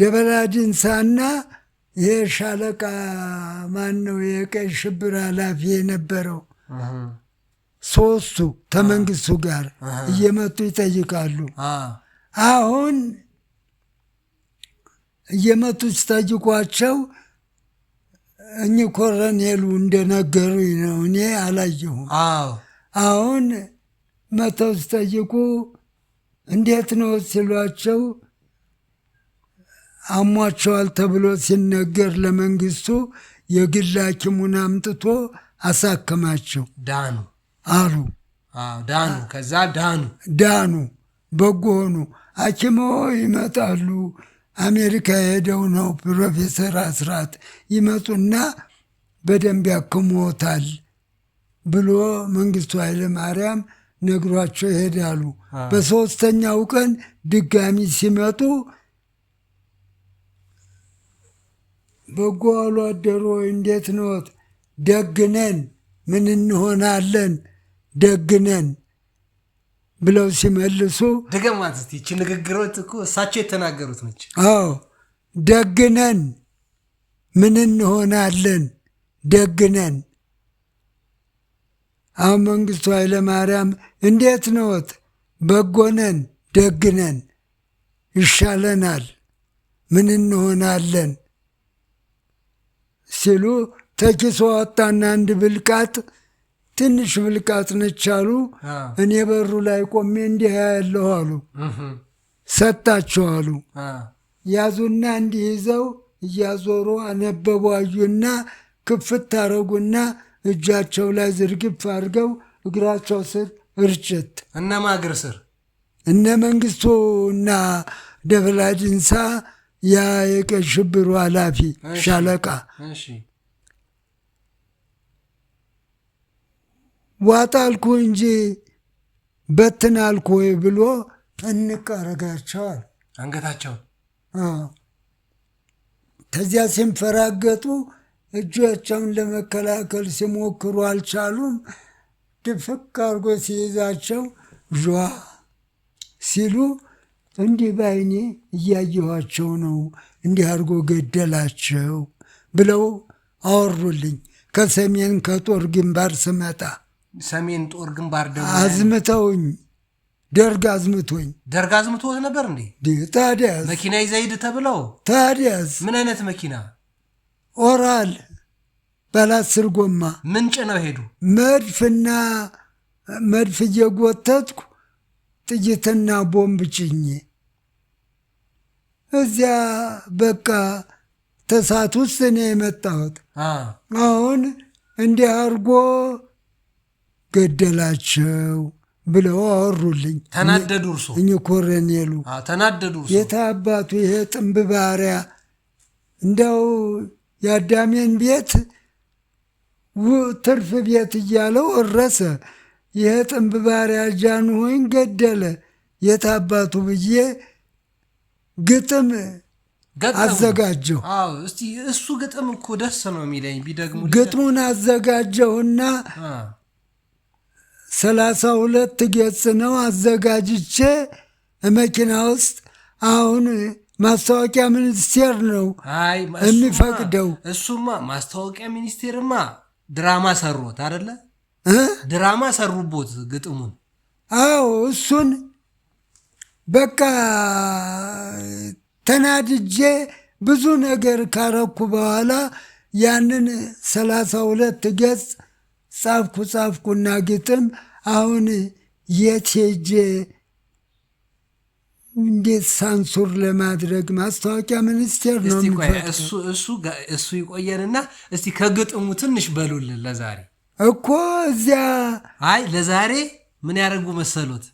ድንሳና የሻለቃ ማን ነው የቀይ ሽብር ኃላፊ የነበረው ሶስቱ ከመንግስቱ ጋር እየመጡ ይጠይቃሉ። አሁን እየመጡ ሲጠይቋቸው እኚህ ኮሎኔሉ እንደነገሩ ነው፣ እኔ አላየሁም። አሁን መተው ሲጠይቁ እንዴት ነው ሲሏቸው አሟቸዋል ተብሎ ሲነገር ለመንግስቱ የግል ሐኪሙን አምጥቶ አሳከማቸው። ዳኑ አሉ ዳኑ። ከዛ ዳኑ ዳኑ በጎ ሆኑ። ሐኪሞ ይመጣሉ። አሜሪካ የሄደው ነው ፕሮፌሰር አስራት ይመጡና በደንብ ያክሞታል ብሎ መንግስቱ ኃይለ ማርያም ነግሯቸው ይሄዳሉ። በሶስተኛው ቀን ድጋሚ ሲመጡ በጎ አደሮ፣ እንዴት ነት ደግነን ምን እንሆናለን? ደግነን ብለው ሲመልሱ ደገማት እስቲ ይህች ንግግሮት እኮ እሳቸው የተናገሩት ነች። አዎ ደግነን ምን እንሆናለን? ደግነን አሁን መንግስቱ ኃይለማርያም እንዴት ነት በጎነን ደግነን ይሻለናል ምን እንሆናለን ሲሉ ተኪሶ ወጣና አንድ ብልቃጥ ትንሽ ብልቃጥ ነች አሉ። እኔ በሩ ላይ ቆሜ እንዲህ ያለሁ አሉ። ሰጣቸው አሉ። ያዙና እንዲህ ይዘው እያዞሩ አነበቡ አዩና፣ ክፍት ታረጉና እጃቸው ላይ ዝርግፍ አድርገው እግራቸው ስር እርጭት። እነ ማግር ስር እነ መንግስቱ እና ድንሳ የቀይ ሽብሩ ኃላፊ ሻለቃ ዋጣልኩ እንጂ በትናልኩ ወይ ብሎ እንቀረጋቸዋል አንገታቸው። ከዚያ ሲንፈራገጡ እጆቸውን ለመከላከል ሲሞክሩ አልቻሉም። ድፍቅ አድርጎ ሲይዛቸው ዣ ሲሉ እንዲህ በአይኔ እያየኋቸው ነው፣ እንዲህ አድርጎ ገደላቸው ብለው አወሩልኝ። ከሰሜን ከጦር ግንባር ስመጣ ሰሜን ጦር ግንባር አዝምተውኝ ደርግ አዝምቶኝ። ደርግ አዝምቶት ነበር እንዴ? ታዲያስ መኪና ይዘይድ ተብለው። ታዲያስ ምን አይነት መኪና? ኦራል ባላት አስር ጎማ ምንጭ ነው ሄዱ። መድፍና መድፍ እየጎተትኩ ጥይትና ቦምብ ጭኜ እዚያ በቃ ተሳት ውስጥ እኔ የመጣሁት አሁን እንዲህ አድርጎ ገደላቸው ብለው አወሩልኝ። ተናደዱ። እርሶ እኚ ኮረኔሉ ተናደዱ። የታ አባቱ ይሄ ጥንብ ባሪያ እንደው የአዳሜን ቤት ትርፍ ቤት እያለው እረሰ። ይሄ ጥንብ ባሪያ ጃንሆይን ገደለ። የታ አባቱ ብዬ ግጥም አዘጋጀው። እስቲ እሱ ግጥም እኮ ደስ ነው የሚለኝ ቢደግሙ። ግጥሙን አዘጋጀውና ሰላሳ ሁለት ገጽ ነው አዘጋጅቼ መኪና ውስጥ አሁን ማስታወቂያ ሚኒስቴር ነው የሚፈቅደው። እሱማ ማስታወቂያ ሚኒስቴርማ ድራማ ሰሩት አደለ? ድራማ ሰሩቦት ግጥሙን። አዎ እሱን በቃ ተናድጄ ብዙ ነገር ካረኩ በኋላ ያንን ሰላሳ ሁለት ገጽ ጻፍኩ ጻፍኩና ግጥም አሁን የት ሄጄ እንዴት ሳንሱር ለማድረግ ማስታወቂያ ሚኒስቴር ነው እሱ ይቆየንና እስቲ ከግጥሙ ትንሽ በሉልን ለዛሬ እኮ እዚያ አይ ለዛሬ ምን ያደረጉ መሰሎት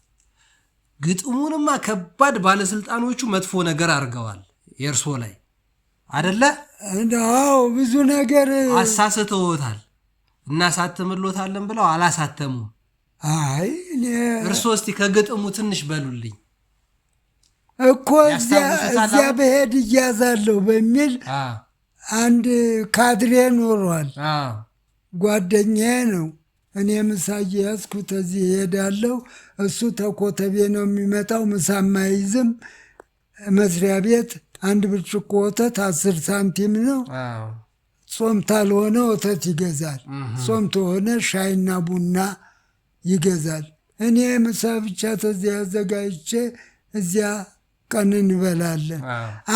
ግጥሙንማ ከባድ ባለስልጣኖቹ መጥፎ ነገር አድርገዋል። የእርሶ ላይ አደለ? አዎ ብዙ ነገር አሳስተውታል። እናሳትምሎታለን ብለው አላሳተሙም። አይ እርሶ እስቲ ከግጥሙ ትንሽ በሉልኝ እኮ እዚያ በሄድ እያዛለሁ በሚል አንድ ካድሬ ኖሯል። ጓደኛዬ ነው እኔ ምሳ እየያዝኩ ተዚህ እሄዳለሁ። እሱ ተኮተቤ ነው የሚመጣው። ምሳ ማይዝም መስሪያ ቤት አንድ ብርጭቆ ወተት አስር ሳንቲም ነው። ጾም ታልሆነ ወተት ይገዛል። ጾም ተሆነ ሻይና ቡና ይገዛል። እኔ ምሳ ብቻ ተዚያ አዘጋጅቼ እዚያ ቀን እንበላለን።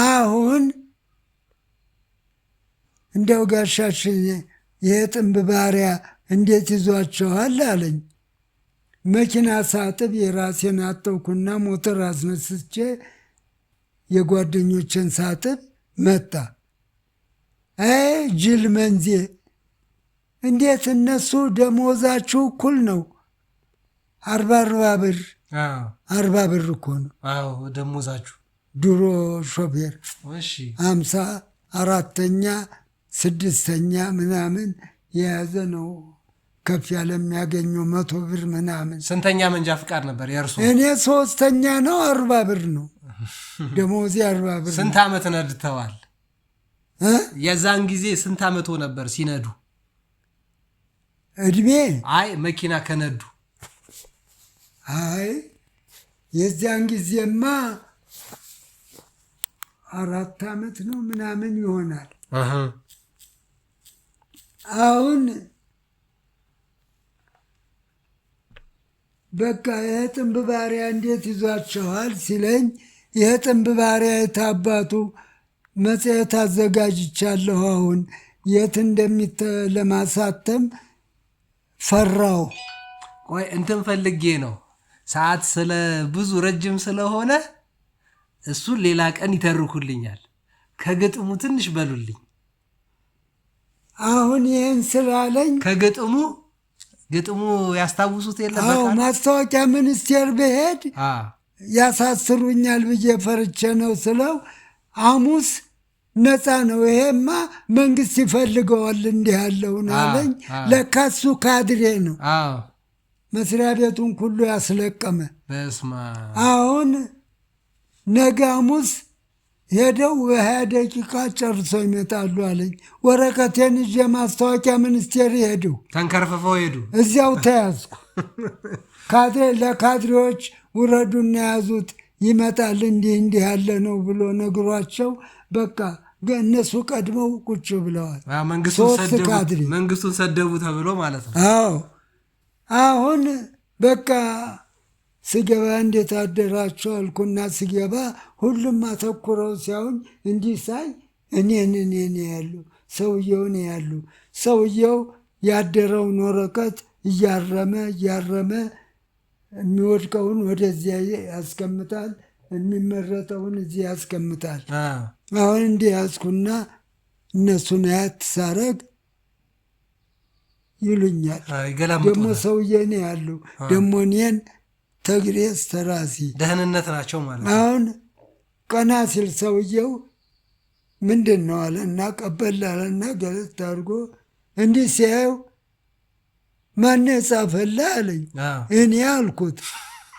አሁን እንዲያው ጋሻችን ይሄ ጥንብ ባሪያ እንዴት ይዟቸዋል አለኝ። መኪና ሳጥብ የራሴን አጠውኩና ሞተር አስነስቼ የጓደኞችን ሳጥብ መጣ። አይ ጅል መንዜ፣ እንዴት እነሱ ደሞዛችሁ እኩል ነው፣ አርባ አርባ ብር አርባ ብር እኮ ነው ደሞዛችሁ። ድሮ ሾፌር አምሳ አራተኛ ስድስተኛ ምናምን የያዘ ነው ከፍ ያለ የሚያገኘው መቶ ብር ምናምን። ስንተኛ መንጃ ፍቃድ ነበር የእርሱ? እኔ ሶስተኛ ነው። አርባ ብር ነው ደሞዜ፣ አርባ ብር። ስንት ዓመት ነድተዋል? የዛን ጊዜ ስንት ዓመቶ ነበር ሲነዱ? እድሜ አይ መኪና ከነዱ አይ የዚያን ጊዜማ አራት ዓመት ነው ምናምን ይሆናል አሁን በቃ የጥንብ ባሪያ እንዴት ይዟቸዋል ሲለኝ የጥንብ ባሪያ የታባቱ መጽሔት አዘጋጅቻለሁ። አሁን የት እንደሚተ ለማሳተም ፈራው። ቆይ እንትን ፈልጌ ነው ሰዓት ስለ ብዙ ረጅም ስለሆነ እሱን ሌላ ቀን ይተርኩልኛል። ከግጥሙ ትንሽ በሉልኝ። አሁን ይህን ስላለኝ ከግጥሙ ግጥሙ ያስታውሱት የለም። ማስታወቂያ ሚኒስቴር ብሄድ ያሳስሩኛል ብዬ ፈርቼ ነው ስለው ሐሙስ ነፃ ነው ይሄማ መንግስት ይፈልገዋል እንዲህ ያለውን አለኝ። ለካ እሱ ካድሬ ነው መስሪያ ቤቱን ሁሉ ያስለቀመ። አሁን ነገ ሐሙስ ሄደው በሀያ ደቂቃ ጨርሰው ይመጣሉ አለኝ። ወረቀቴን ይዤ ማስታወቂያ ሚኒስቴር ሄዱ። ተንከርፍፈው ሄዱ። እዚያው ተያዝኩ። ለካድሬዎች ውረዱና ያዙት ይመጣል እንዲህ እንዲህ ያለ ነው ብሎ ነግሯቸው በቃ እነሱ ቀድመው ቁጭ ብለዋል። መንግስቱን ሰደቡ ተብሎ ማለት ነው። አዎ አሁን በቃ ስገባ እንዴት አደራችሁ አልኩና ስገባ ሁሉም አተኩረው ሲያዩኝ እንዲህ ሳይ እኔን እኔን ያሉ ሰውየውን ያሉ ሰውየው ያደረውን ወረቀት እያረመ እያረመ የሚወድቀውን ወደዚያ ያስቀምጣል፣ የሚመረጠውን እዚህ ያስቀምጣል። አሁን እንዲህ ያዝኩና እነሱን አያት ሳረግ ይሉኛል ደግሞ ሰውዬን ያሉ ደግሞ እኔን ተግሬስ ተራሲ ደህንነት ናቸው ማለት ነው። አሁን ቀና ሲል ሰውየው ምንድን ነው አለ እና ቀበል አለ እና ገለጽ ታድርጎ እንዲህ ሲያየው ማን ጻፈላ አለኝ። እኔ አልኩት።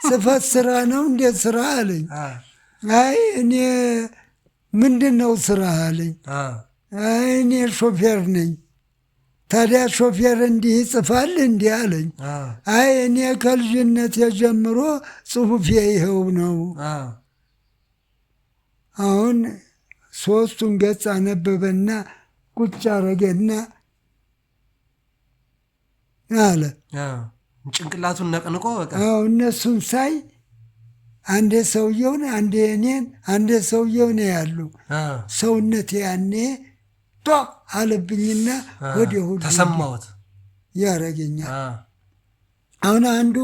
ጽፈት ስራ ነው እንዴት ስራ አለኝ። አይ እኔ ምንድን ነው ስራ አለኝ። አይ እኔ ሾፌር ነኝ ታዲያ ሾፌር እንዲህ ይጽፋል እንዲህ አለኝ። አይ እኔ ከልጅነት የጀምሮ ጽሁፌ ይኸው ነው። አሁን ሶስቱን ገጽ አነበበና ቁጭ አረገና አለ። ጭንቅላቱን ነቅንቆ በቃ እነሱን ሳይ አንዴ ሰውየውን አንዴ እኔን አንዴ ሰውየውን ያሉ ሰውነት ያኔ አለብኝና ወዲሁ ተሰማሁት ያረገኛል። አሁን አንዱ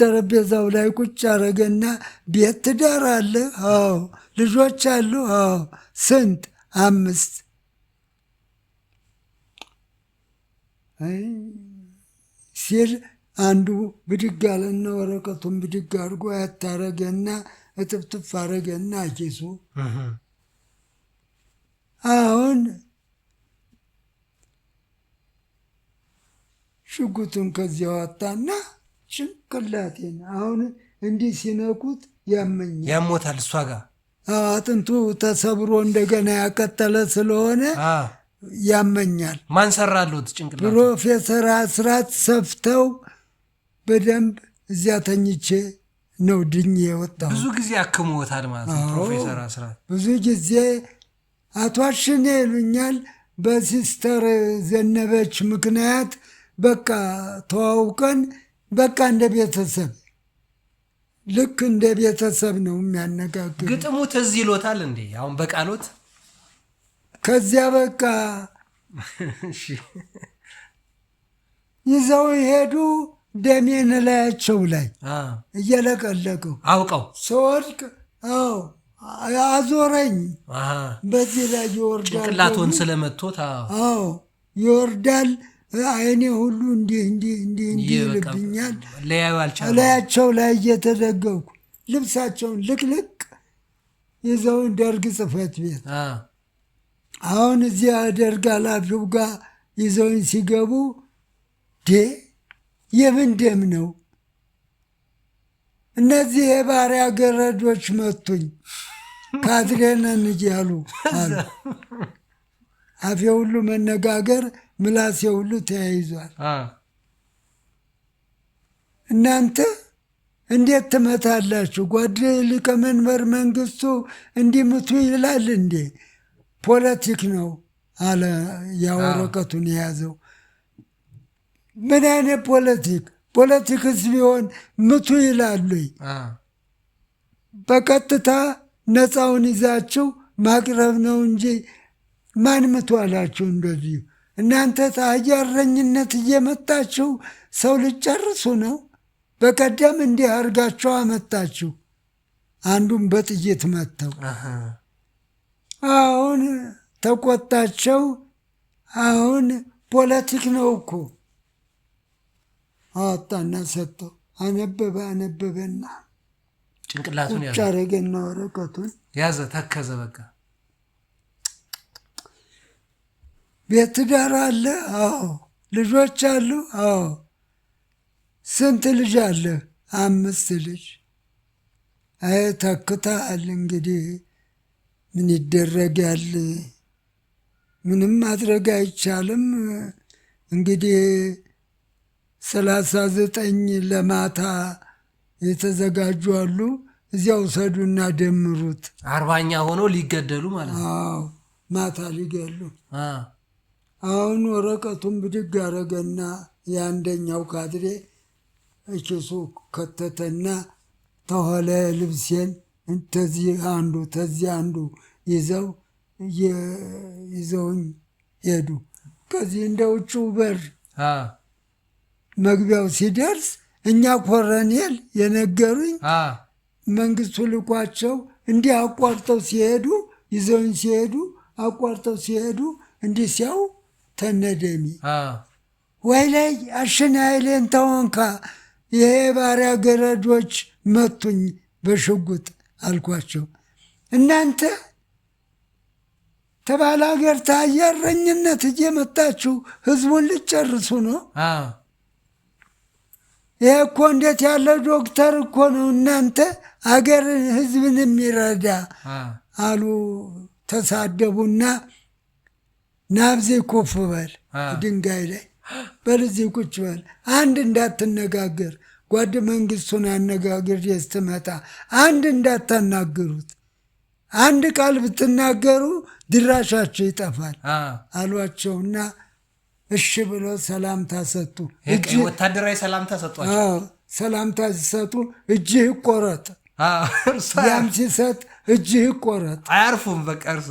ጠረጴዛው ላይ ቁጭ አረገና ቤት ትዳር አለ? አዎ። ልጆች አሉ? አዎ። ስንት? አምስት። ሲል አንዱ ብድግ አለና ወረቀቱን ብድግ አድርጎ ያታረገና እጥፍጥፍ አረገና አኪሱ አሁን ሽጉጡን ከዚያ ዋጣና ጭንቅላቴን አሁን እንዲህ ሲነኩት ያመኛል፣ ያሞታል። እሷ ጋር አጥንቱ ተሰብሮ እንደገና ያቀጠለ ስለሆነ ያመኛል። ማን ሰራሉት? ጭንቅላት ፕሮፌሰር አስራት ሰፍተው በደንብ እዚያ ተኝቼ ነው ድኝ የወጣው። ብዙ ጊዜ አክሞታል ማለት ነው ፕሮፌሰር አስራት። ብዙ ጊዜ አቶ አሽኔ ይሉኛል። በሲስተር ዘነበች ምክንያት በቃ ተዋውቀን በቃ እንደ ቤተሰብ ልክ እንደ ቤተሰብ ነው የሚያነጋግር። ግጥሙ ትዝ ይሎታል እንዴ? አሁን በቃሎት ከዚያ በቃ ይዘው ሄዱ። ደሜን ላያቸው ላይ እየለቀለቀው አውቀው ስወድቅ አዎ አዞረኝ። በዚህ ላይ ይወርዳል፣ ጭንቅላቶን ስለመቶት ይወርዳል። አይኔ ሁሉ እንዲህ እንዲህ እንዲህ እንዲህ ይልብኛል። እላያቸው ላይ እየተደገኩ ልብሳቸውን ልቅልቅ ይዘውን ደርግ ጽህፈት ቤት አሁን እዚያ ደርግ ኃላፊው ጋር ይዘውን ሲገቡ ዴ የምን ደም ነው? እነዚህ የባሪያ ገረዶች መቱኝ ካትሌነን እያሉ አሉ። አፌ ሁሉ መነጋገር ምላሴ ሁሉ ተያይዟል። እናንተ እንዴት ትመታላችሁ? ጓድ መንበር መንግስቱ እንዲምቱ ይላል እንዴ? ፖለቲክ ነው አለ። ያወረቀቱን የያዘው ምን አይነት ፖለቲክ? ፖለቲክስ ቢሆን ምቱ ይላሉ። በቀጥታ ነፃውን ይዛችሁ ማቅረብ ነው እንጂ ማን ምቱ አላችሁ እንደዚሁ እናንተ ታያረኝነት እየመጣችው እየመጣችሁ ሰው ልጨርሱ ነው። በቀደም እንዲህ አድርጋችሁ አመጣችሁ፣ አንዱን በጥይት መተው። አሁን ተቆጣቸው። አሁን ፖለቲክ ነው እኮ አወጣና ሰጠው። አነበበ አነበበና ጭንቅላቱን ቁጭ ወረቀቱን ያዘ ተከዘ በቃ ቤት ትዳር አለ? አዎ። ልጆች አሉ? አዎ። ስንት ልጅ አለ? አምስት ልጅ። አይ ተክታል እንግዲህ ምን ይደረጋል? ምንም ማድረግ አይቻልም። እንግዲህ ሰላሳ ዘጠኝ ለማታ የተዘጋጁ አሉ። እዚያው ሰዱና ደምሩት። አርባኛ ሆኖ ሊገደሉ ማለት ነው። ማታ ሊገሉ አሁን ወረቀቱን ብድግ አረገና የአንደኛው ካድሬ እችሱ ከተተና ተኋለ ልብሴን ተዚህ አንዱ ተዚህ አንዱ ይዘው ይዘውኝ ሄዱ። ከዚህ እንደ ውጭው በር መግቢያው ሲደርስ እኛ ኮረኔል የነገሩኝ መንግስቱ ልኳቸው እንዲህ አቋርጠው ሲሄዱ ይዘውኝ ሲሄዱ አቋርጠው ሲሄዱ እንዲህ ሲያው ተነደሚ ወይ ላይ አሸናይሌን ተወንካ ይሄ ባሪያ ገረዶች መቱኝ በሽጉጥ አልኳቸው። እናንተ ተባለ ሀገር ታያረኝነት መጣችሁ ህዝቡን ልጨርሱ ነው። ይህ እኮ እንዴት ያለ ዶክተር እኮ ነው እናንተ አገር ህዝብን የሚረዳ አሉ። ተሳደቡና ናብዜ ኮፍ በል ድንጋይ ላይ በልዚ ቁጭ በል አንድ እንዳትነጋገር ጓድ መንግስቱን አነጋግር ስትመጣ አንድ እንዳታናግሩት አንድ ቃል ብትናገሩ ድራሻቸው ይጠፋል አሏቸውና እሺ ብሎ ሰላምታ ሰጡ። ወታደራዊ ሰላምታ ሰጧቸው። ሰላምታ ሲሰጡ እጅህ ይቆረጥ፣ ያም ሲሰጥ እጅህ ይቆረጥ። አያርፉም። በቃ እርሱ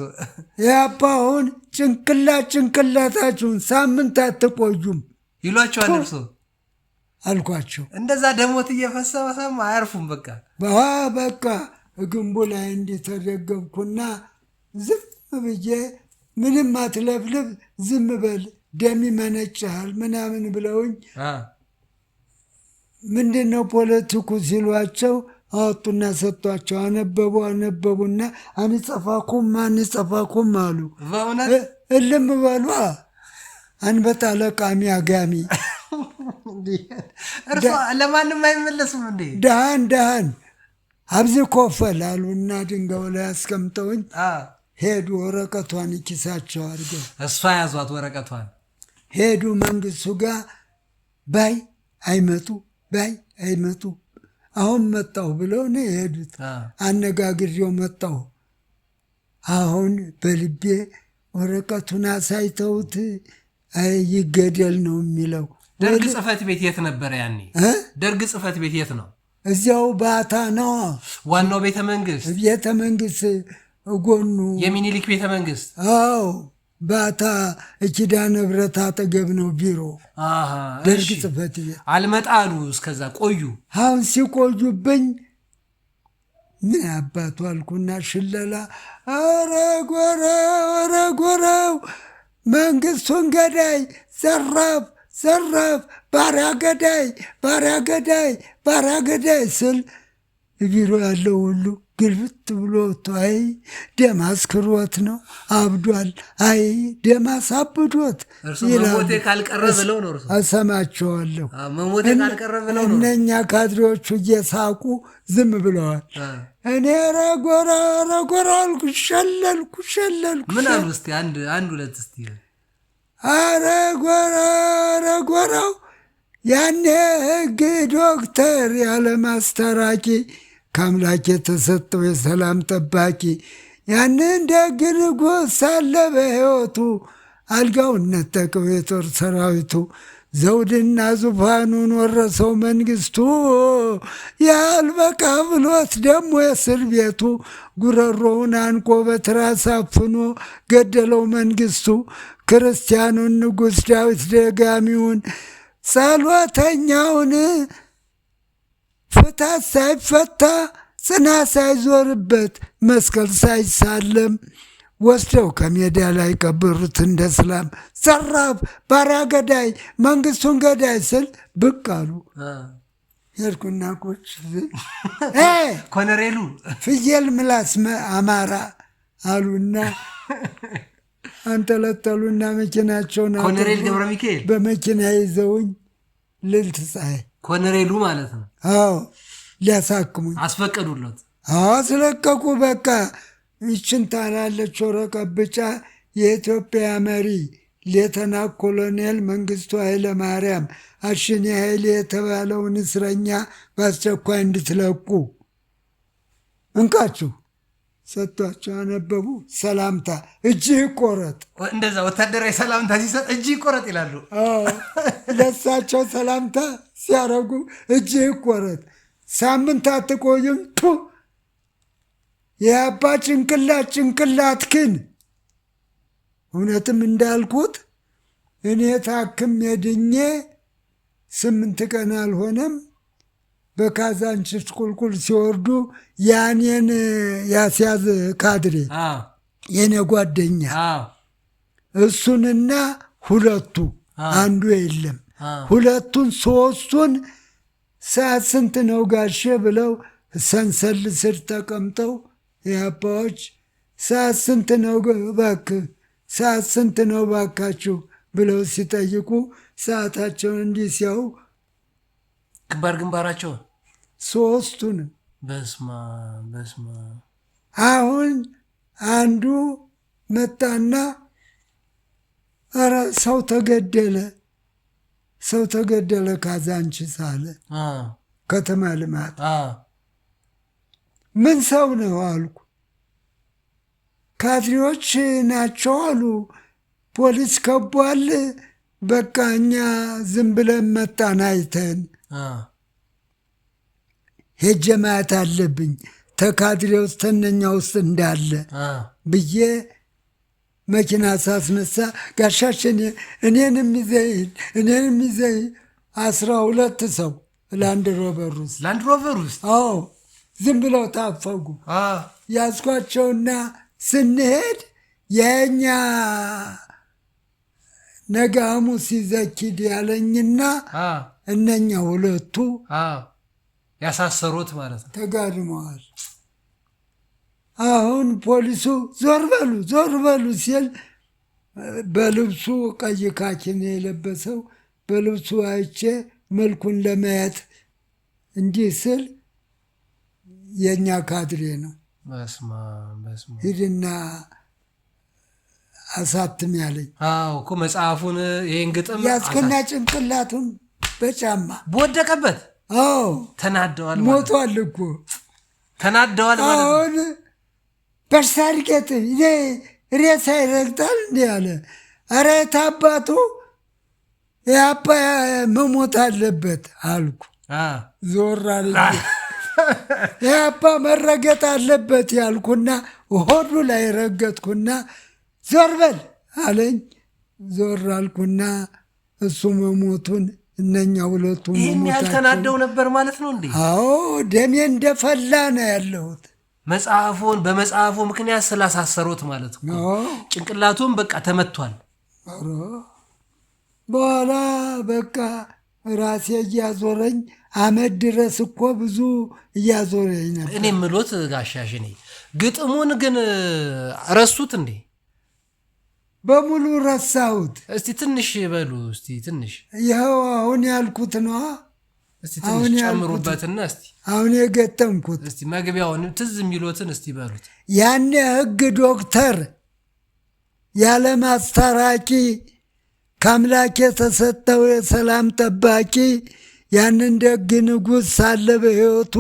አሁን ጭንቅላ ጭንቅላታችሁን ሳምንት አትቆዩም ይሏቸዋል። እርሶ አልኳቸው። እንደዛ ደሞት እየፈሰሰም አያርፉም። በቃ በቃ ግንቡ ላይ እንዲተደገብኩና ዝም ብዬ ምንም አትለፍልፍ፣ ዝም በል ደም ይመነጭሃል ምናምን ብለውኝ ምንድን ነው ፖለቲኩ ሲሏቸው አወጡና ሰጥቷቸው አነበቡ አነበቡና አንጸፋኩም አንጸፋኩም አሉ። እልም በሉ አንበጣ ለቃሚ አጋሚ ለማንም አይመለስም እንዴ ደሃን ደሃን አብዚ ኮፈል እና ድንጋው ላይ አስቀምጠውኝ ሄዱ። ወረቀቷን ይኪሳቸው አድርገው እሷ ያዟት ወረቀቷን ሄዱ መንግስቱ ጋር ባይ አይመጡ ባይ አይመጡ አሁን መጣሁ ብለው ነው የሄዱት። አነጋግሬው መጣሁ። አሁን በልቤ ወረቀቱን አሳይተውት ይገደል ነው የሚለው። ደርግ ጽሕፈት ቤት የት ነበረ ያኔ? ደርግ ጽህፈት ቤት የት ነው? እዚያው ባታ ነው። ዋናው ቤተ መንግስት ቤተ መንግስት ጎኑ የሚኒሊክ ቤተ መንግስት አዎ ባታ እኪዳ ንብረት አጠገብ ነው ቢሮ ደርግ ጽፈት ቤት አልመጣሉ። እስከዛ ቆዩ። አሁን ሲቆዩብኝ ምን አባቱ አልኩና ሽለላ ኧረ ጎረው ኧረ ጎረው መንግስቱን ገዳይ ዘራፍ ዘራፍ ባሪያ ገዳይ ባሪያ ገዳይ ባሪያ ገዳይ ስል ቢሮ ያለው ሁሉ ግልፍት ብሎ አይ ደም አስክሮት ነው አብዷል፣ አይ ደም አሳብዶት እሰማቸዋለሁ። እነኛ ካድሬዎቹ እየሳቁ ዝም ብለዋል። እኔ ረጎራ ረጎራ አልኩ፣ ሸለልኩ ሸለልኩ። ምን አሉ? እስኪ አንድ ሁለት እስኪ አረጎራ ረጎራው ያኔ ህግ ዶክተር ያለማስተራቂ ከአምላክ የተሰጠው የሰላም ጠባቂ ያን ደግ ግንጎት ሳለ በሕይወቱ አልጋውን ነጠቀው የጦር ሰራዊቱ ዘውድና ዙፋኑን ወረሰው መንግስቱ ያልበቃ ብሎት ደግሞ የእስር ቤቱ ጉረሮውን አንቆ በትራስ አፍኖ ገደለው መንግስቱ ክርስቲያኑን ንጉሥ ዳዊት ደጋሚውን ጸሎተኛውን ፍታት ሳይፈታ ጽና ሳይዞርበት መስቀል ሳይሳለም ወስደው ከሜዳ ላይ ቀብሩት እንደ ስላም። ዘራፍ ባሪያ ገዳይ መንግስቱን ገዳይ ስል ብቅ አሉ። ሄድኩና ቁጭ ኮነሬሉ ፍየል ምላስ አማራ አሉና አንጠለጠሉና መኪናቸውን ኮነሬል ገብረ ሚካኤል በመኪና ይዘውኝ ልልት ፀሐይ ኮነሬሉ ማለት ነው። አዎ ሊያሳክሙኝ አስፈቀዱለት። አዎ አስለቀቁ። በቃ ይችን ታላለች ወረቀት ብቻ የኢትዮጵያ መሪ ሌተና ኮሎኔል መንግስቱ ኃይለ ማርያም አሽኒ ኃይሌ የተባለውን እስረኛ በአስቸኳይ እንድትለቁ እንቃችሁ ሰጥቷቸው አነበቡ። ሰላምታ እጅ ቆረጥ፣ እንደዛ ወታደራዊ ሰላምታ ሲሰጥ እጅ ቆረጥ ይላሉ። ለሳቸው ሰላምታ ሲያረጉ እጅህ ቆረጥ፣ ሳምንት አትቆይም። ቱ የአባ ጭንቅላት ጭንቅላትክን። እውነትም እንዳልኩት እኔ ታክም የድኜ ስምንት ቀን አልሆነም በካዛንችስ ቁልቁል ሲወርዱ ያኔን ያስያዝ ካድሬ የኔ ጓደኛ እሱንና ሁለቱ አንዱ የለም ሁለቱን ሶስቱን ሰዓት ስንት ነው ጋሼ ብለው ሰንሰል ስር ተቀምጠው የአባዎች ሰዓት ስንት ነው ባክ ሰዓት ስንት ነው ባካችሁ ብለው ሲጠይቁ ሰዓታቸውን እንዲህ ሲያዩ ግንባር ግንባራቸውን ሶስቱንም። አሁን አንዱ መጣና ኧረ ሰው ተገደለ፣ ሰው ተገደለ ካዛንችስ አለ። ከተማ ልማት ምን ሰው ነው አልኩ። ካድሬዎች ናቸው አሉ። ፖሊስ ከቧል። በቃ እኛ ዝም ብለን መጣን አይተን ሄጄ ማየት አለብኝ ተካድሬ ውስጥ ተነኛ ውስጥ እንዳለ ብዬ መኪና ሳስነሳ ጋሻሽን እኔንም ይዘይን እኔንም ይዘይን አስራ ሁለት ሰው ላንድ ሮቨር ውስጥ ላንድ ሮቨር ውስጥ አዎ ዝም ብለው ታፈጉ። ያዝኳቸውና ስንሄድ የኛ ነገ ሐሙስ ይዘኪድ ያለኝና እነኛ ሁለቱ ያሳሰሩት ማለት ነው። ተጋድመዋል። አሁን ፖሊሱ ዞር በሉ ዞር በሉ ሲል በልብሱ ቀይ ካኪን የለበሰው በልብሱ አይቼ መልኩን ለማየት እንዲህ ስል የእኛ ካድሬ ነው፣ ሂድና አሳትም ያለኝ እኮ መጽሐፉን ይህን ግጥም ያስከና ጭንቅላቱን በጫማ በወደቀበት አዎ ተናደዋል። ሞቷል እኮ ተናደዋል። አሁን በርሳርጌት ሬሳ ይረግጣል እንዲ አለ። ኧረ አባቱ የአባ መሞት አለበት አልኩ። ዞር አለ። የአባ መረገጥ አለበት ያልኩና ሆዱ ላይ ረገጥኩና ዞር በል አለኝ። ዞር አልኩና እሱ መሞቱን እነኛ ሁለቱ ይህን ያልተናደው ነበር ማለት ነው እንዴ? አዎ ደሜ እንደፈላ ነው ያለሁት። መጽሐፉን በመጽሐፉ ምክንያት ስላሳሰሩት ማለት ጭንቅላቱን በቃ ተመቷል። በኋላ በቃ ራሴ እያዞረኝ አመድ ድረስ እኮ ብዙ እያዞረኝ ነበር። እኔ ምሎት ጋሻሽኔ ግጥሙን ግን ረሱት እንዴ? በሙሉ ረሳሁት። እስቲ ትንሽ በሉ። እስቲ ትንሽ ይኸው አሁን ያልኩት ነዋ። እስቲ ትንሽ ጨምሩበትና እስቲ አሁን የገጠምኩት እስቲ መግቢያውን ትዝ የሚሎትን እስቲ በሉት። ያኔ ህግ ዶክተር ያለ ማስታራቂ ከአምላክ የተሰጠው የሰላም ጠባቂ ያንን ደግ ንጉሥ ሳለ በሕይወቱ